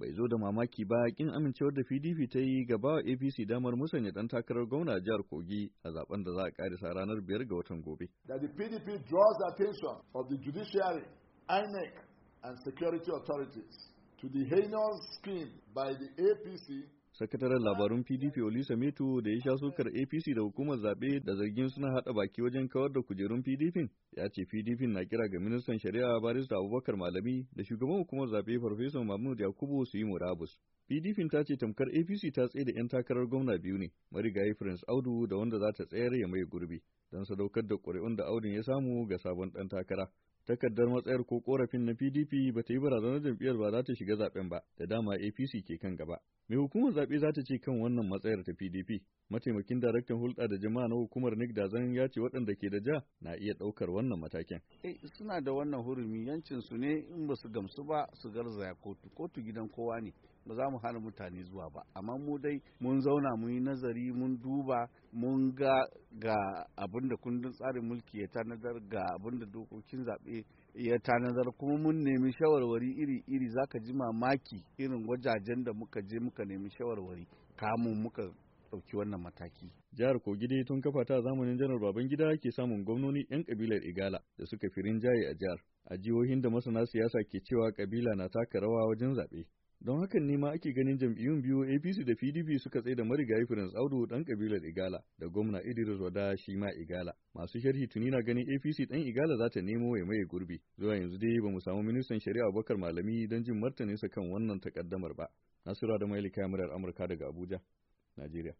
bai zo da mamaki ba kin amincewar da PDP ta yi gaba wa APC damar musanya dan takarar gwamna a jihar Kogi a zaben da za a karisa ranar biyar ga watan gobe. That the PDP draws attention of the judiciary, INEC and security authorities to the heinous scheme by the APC sakataren labarun pdp olisa metu da ya sha sukar apc da hukumar zaɓe da zargin suna haɗa baki wajen kawar da kujerun pdp ya ce pdp na kira ga ministan shari'a barista abubakar malami da shugaban hukumar zaɓe farfesa mahmud yakubu su yi murabus pdp ta ce tamkar apc ta tsaye da 'yan takarar gwamna biyu ne marigayi prince audu da wanda za ta tsayar ya mai gurbi don sadaukar da ƙuri'un da Audu ya samu ga sabon ɗan takara takardar matsayar ko korafin na pdp ba ta yi barazanar jam'iyyar ba za ta shiga zaben ba da dama apc ke kan gaba mai hukumar zaɓe za ta ce kan wannan matsayar ta PDP. Mataimakin daraktan hulɗa da jama'a na hukumar Nick Dazan ya ce waɗanda ke da ja na iya ɗaukar wannan matakin. Eh suna da wannan hurumi yancin su ne in ba su gamsu ba su garzaya kotu. Kotu gidan kowa ne. Ba za mu hana mutane zuwa ba. Amma mu dai mun zauna mun yi nazari mun duba mun ga ga abin da kundin tsarin mulki ya tanadar ga abin da dokokin zaɓe ya tanadar kuma mun nemi shawarwari iri-iri za ka ji mamaki irin wajajen da muka je muka nemi shawarwari kamun muka ɗauki wannan mataki. Jihar Kogide tun kafa ta zamanin janar Babangida ke samun gwamnoni 'yan kabilar Igala da suka fi rinjaye a jihar. A jihohin da masana siyasa ke cewa kabila na taka rawa wajen zaɓe. don hakan ne ma ake ganin jam'iyyun biyu apc da pdp suka tsaye da marigayi prince audu dan kabilar igala da gwamna idris wada shi ma igala masu sharhi tuni na ganin apc dan igala za ta nemo ya maye gurbi zuwa yanzu dai ba mu samu ministan shari'a bakar malami don jin martaninsa kan wannan takaddamar ba nasiru da mailika murar amurka daga abuja najeriya